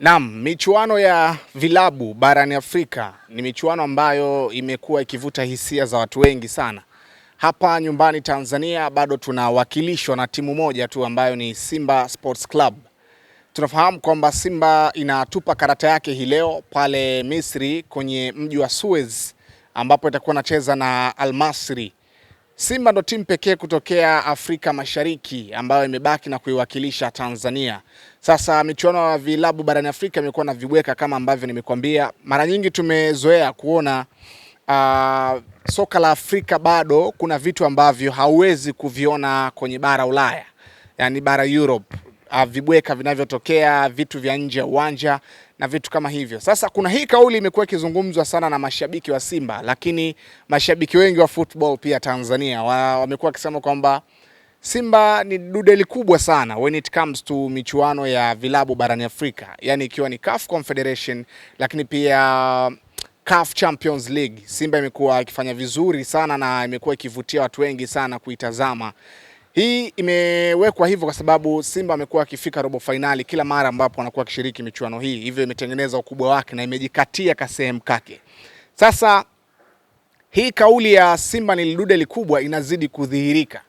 Naam, michuano ya vilabu barani Afrika ni michuano ambayo imekuwa ikivuta hisia za watu wengi sana. Hapa nyumbani Tanzania bado tunawakilishwa na timu moja tu ambayo ni Simba Sports Club. Tunafahamu kwamba Simba inatupa karata yake hii leo pale Misri kwenye mji wa Suez ambapo itakuwa inacheza na Al Masry Simba ndo timu pekee kutokea Afrika Mashariki ambayo imebaki na kuiwakilisha Tanzania. Sasa michuano ya vilabu barani Afrika imekuwa na vibweka kama ambavyo nimekuambia. Mara nyingi tumezoea kuona uh, soka la Afrika bado kuna vitu ambavyo hauwezi kuviona kwenye bara Ulaya, yaani bara Europe. Uh, vibweka vinavyotokea, vitu vya nje ya uwanja na vitu kama hivyo. Sasa kuna hii kauli imekuwa ikizungumzwa sana na mashabiki wa Simba, lakini mashabiki wengi wa football pia Tanzania wamekuwa wakisema kwamba Simba ni dudeli kubwa sana when it comes to michuano ya vilabu barani Afrika, yaani ikiwa ni CAF Confederation lakini pia um, CAF Champions League. Simba imekuwa ikifanya vizuri sana na imekuwa ikivutia watu wengi sana kuitazama hii imewekwa hivyo kwa sababu Simba amekuwa akifika robo fainali kila mara ambapo anakuwa akishiriki michuano hii, hivyo imetengeneza ukubwa wake na imejikatia sehemu kake. Sasa hii kauli ya Simba ni lidude likubwa inazidi kudhihirika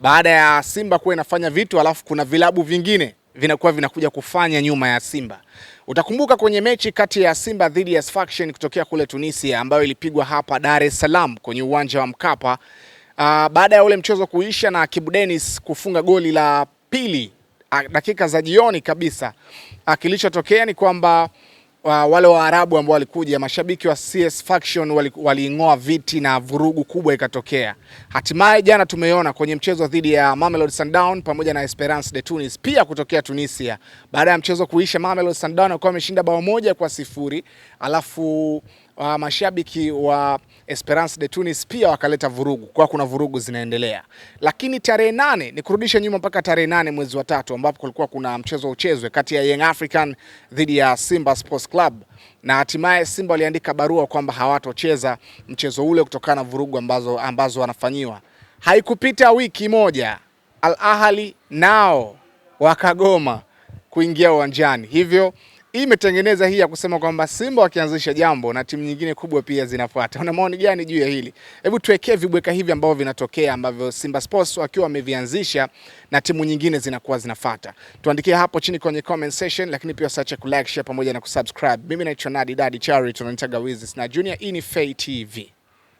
baada ya Simba kuwa inafanya vitu alafu kuna vilabu vingine vinakuwa vinakuja kufanya nyuma ya Simba. Utakumbuka kwenye mechi kati ya Simba dhidi ya Sfaxien kutokea kule Tunisia ambayo ilipigwa hapa Dar es Salaam kwenye uwanja wa Mkapa Uh, baada ya ule mchezo kuisha na Kibu Dennis kufunga goli la pili ah, dakika za jioni kabisa, ah, kilichotokea ni kwamba wale Waarabu ambao walikuja mashabiki wa CS Faction waliing'oa viti na vurugu kubwa ikatokea. Hatimaye jana tumeona kwenye mchezo dhidi ya Mamelodi Sundown pamoja na Esperance de Tunis pia kutokea Tunisia. Baada ya mchezo kuisha, Mamelodi Sundown alikuwa ameshinda bao moja kwa sifuri alafu wa ah, mashabiki wa Esperance de Tunis pia wakaleta vurugu, kwa kuna vurugu zinaendelea. Lakini tarehe nane, nikurudishe nyuma mpaka tarehe nane mwezi wa tatu, ambapo kulikuwa kuna mchezo uchezwe kati ya Young African dhidi ya Simba Sports Club na hatimaye Simba waliandika barua kwamba hawatocheza mchezo ule kutokana na vurugu ambazo, ambazo wanafanyiwa. Haikupita wiki moja, Al Ahly nao wakagoma kuingia uwanjani hivyo hii imetengeneza hii ya kusema kwamba Simba wakianzisha jambo na timu nyingine kubwa pia zinafuata. Una maoni gani juu ya hili? Hebu tuwekee vibweka hivi ambavyo vinatokea ambavyo Simba Sports wakiwa wamevianzisha na timu nyingine zinakuwa zinafuata. Tuandikie hapo chini kwenye comment section, lakini pia usiache like, share pamoja na kusubscribe. Mimi naitwa Nadi Dadi Chari, tunanitaga Wizis na Junior. Hii ni Fay TV.